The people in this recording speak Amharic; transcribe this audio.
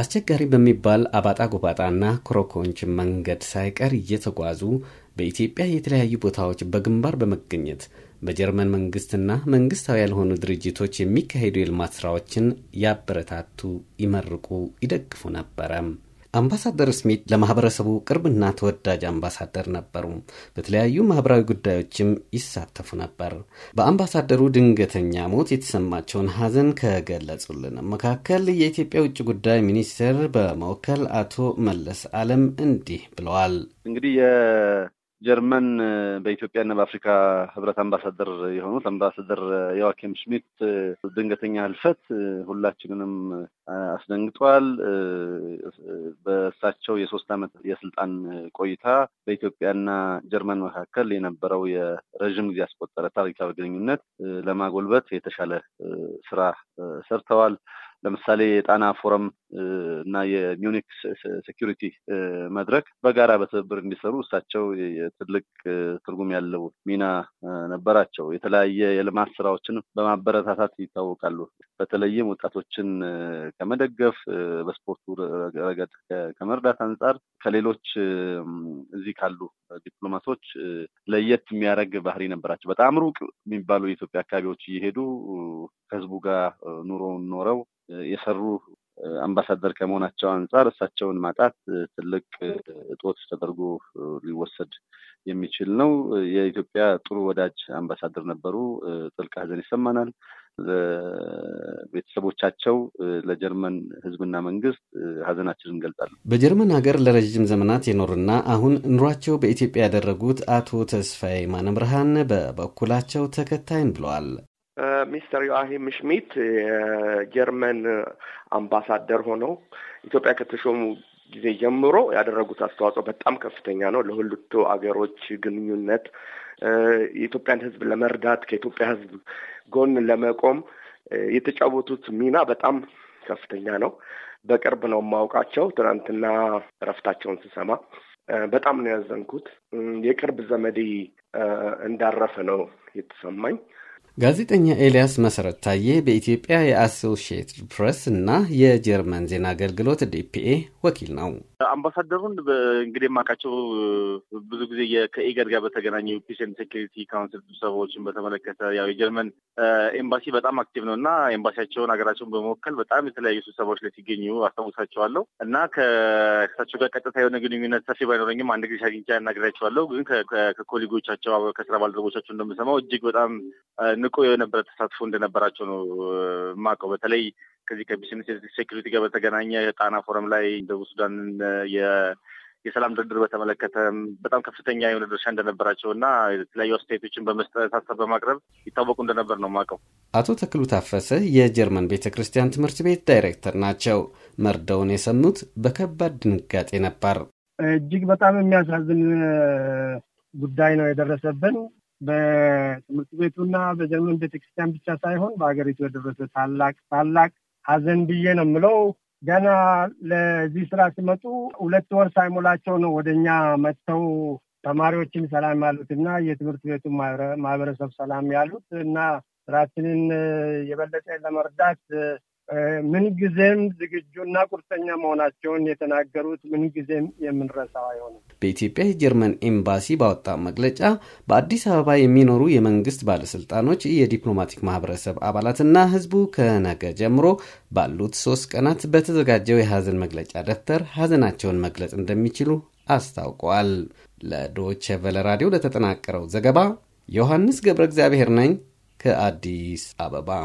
አስቸጋሪ በሚባል አባጣ ጎባጣና ኮረኮንች መንገድ ሳይቀር እየተጓዙ በኢትዮጵያ የተለያዩ ቦታዎች በግንባር በመገኘት በጀርመን መንግስትና መንግስታዊ ያልሆኑ ድርጅቶች የሚካሄዱ የልማት ስራዎችን ያበረታቱ፣ ይመርቁ፣ ይደግፉ ነበረም። አምባሳደር ስሚት ለማህበረሰቡ ቅርብና ተወዳጅ አምባሳደር ነበሩ። በተለያዩ ማህበራዊ ጉዳዮችም ይሳተፉ ነበር። በአምባሳደሩ ድንገተኛ ሞት የተሰማቸውን ሐዘን ከገለጹልን መካከል የኢትዮጵያ ውጭ ጉዳይ ሚኒስትር በመወከል አቶ መለስ አለም እንዲህ ብለዋል። እንግዲህ ጀርመን በኢትዮጵያና በአፍሪካ ህብረት አምባሳደር የሆኑት አምባሳደር የዋኬም ሽሚት ድንገተኛ ህልፈት ሁላችንንም አስደንግጧል። በእሳቸው የሶስት ዓመት የስልጣን ቆይታ በኢትዮጵያና ጀርመን መካከል የነበረው የረዥም ጊዜ ያስቆጠረ ታሪካዊ ግንኙነት ለማጎልበት የተሻለ ስራ ሰርተዋል። ለምሳሌ የጣና ፎረም እና የሚኒክ ሴኪሪቲ መድረክ በጋራ በትብብር እንዲሰሩ እሳቸው ትልቅ ትርጉም ያለው ሚና ነበራቸው። የተለያየ የልማት ስራዎችን በማበረታታት ይታወቃሉ። በተለይም ወጣቶችን ከመደገፍ በስፖርቱ ረገድ ከመርዳት አንጻር ከሌሎች እዚህ ካሉ ዲፕሎማቶች ለየት የሚያደርግ ባህሪ ነበራቸው። በጣም ሩቅ የሚባሉ የኢትዮጵያ አካባቢዎች እየሄዱ ከህዝቡ ጋር ኑሮውን ኖረው የሰሩ አምባሳደር ከመሆናቸው አንጻር እሳቸውን ማጣት ትልቅ እጦት ተደርጎ ሊወሰድ የሚችል ነው። የኢትዮጵያ ጥሩ ወዳጅ አምባሳደር ነበሩ። ጥልቅ ሐዘን ይሰማናል። ለቤተሰቦቻቸው ለጀርመን ሕዝብና መንግስት ሀዘናችን እንገልጻለን። በጀርመን ሀገር ለረዥም ዘመናት የኖሩና አሁን ኑሯቸው በኢትዮጵያ ያደረጉት አቶ ተስፋዬ ማነብርሃን በበኩላቸው ተከታይን ብለዋል። ሚስተር ዮአሂም ሽሚት የጀርመን አምባሳደር ሆነው ኢትዮጵያ ከተሾሙ ጊዜ ጀምሮ ያደረጉት አስተዋጽኦ በጣም ከፍተኛ ነው። ለሁለቱ አገሮች ግንኙነት፣ የኢትዮጵያን ሕዝብ ለመርዳት ከኢትዮጵያ ሕዝብ ጎን ለመቆም የተጫወቱት ሚና በጣም ከፍተኛ ነው። በቅርብ ነው የማውቃቸው። ትናንትና እረፍታቸውን ስሰማ በጣም ነው ያዘንኩት። የቅርብ ዘመዴ እንዳረፈ ነው የተሰማኝ። ጋዜጠኛ ኤልያስ መሰረት ታዬ በኢትዮጵያ የአሶሺየትድ ፕሬስ እና የጀርመን ዜና አገልግሎት ዲፒኤ ወኪል ነው። አምባሳደሩን እንግዲህ የማውቃቸው ብዙ ጊዜ ከኢጋድ ጋር በተገናኙ ፒስ ኤንድ ሴኪሪቲ ካውንስል ስብሰባዎችን በተመለከተ ያው የጀርመን ኤምባሲ በጣም አክቲቭ ነው እና ኤምባሲያቸውን ሀገራቸውን በመወከል በጣም የተለያዩ ስብሰባዎች ላይ ሲገኙ አስታውሳቸዋለሁ እና ከእሳቸው ጋር ቀጥታ የሆነ ግንኙነት ሰፊ ባይኖረኝም አንድ ጊዜ አግኝቼ አናግራቸዋለሁ። ግን ከኮሊጎቻቸው ከስራ ባልደረቦቻቸው እንደምሰማው እጅግ በጣም ንቁ የነበረ ተሳትፎ እንደነበራቸው ነው ማቀው በተለይ ከዚህ ከቢዝነስ ሴኩሪቲ ጋር በተገናኘ የጣና ፎረም ላይ ደቡብ ሱዳንን የሰላም ድርድር በተመለከተ በጣም ከፍተኛ የሆነ ድርሻ እንደነበራቸው እና የተለያዩ አስተያየቶችን በመስጠት ሀሳብ በማቅረብ ይታወቁ እንደነበር ነው ማቀው አቶ ተክሉ ታፈሰ የጀርመን ቤተ ክርስቲያን ትምህርት ቤት ዳይሬክተር ናቸው። መርደውን የሰሙት በከባድ ድንጋጤ ነበር። እጅግ በጣም የሚያሳዝን ጉዳይ ነው የደረሰብን። በትምህርት ቤቱና በጀርመን ቤተክርስቲያን ብቻ ሳይሆን በሀገሪቱ የደረሰ ታላቅ ታላቅ ሀዘን ብዬ ነው የምለው። ገና ለዚህ ስራ ሲመጡ ሁለት ወር ሳይሞላቸው ነው ወደኛ መጥተው ተማሪዎችም ሰላም ያሉት እና የትምህርት ቤቱ ማህበረሰብ ሰላም ያሉት እና ስራችንን የበለጠ ለመርዳት ምንጊዜም ዝግጁና ቁርጠኛ መሆናቸውን የተናገሩት ምንጊዜም የምንረሳው አይሆንም። በኢትዮጵያ የጀርመን ኤምባሲ ባወጣ መግለጫ በአዲስ አበባ የሚኖሩ የመንግስት ባለስልጣኖች፣ የዲፕሎማቲክ ማህበረሰብ አባላትና ህዝቡ ከነገ ጀምሮ ባሉት ሶስት ቀናት በተዘጋጀው የሀዘን መግለጫ ደብተር ሀዘናቸውን መግለጽ እንደሚችሉ አስታውቀዋል። ለዶቼ ቨለ ራዲዮ ለተጠናቀረው ዘገባ ዮሐንስ ገብረ እግዚአብሔር ነኝ ከአዲስ አበባ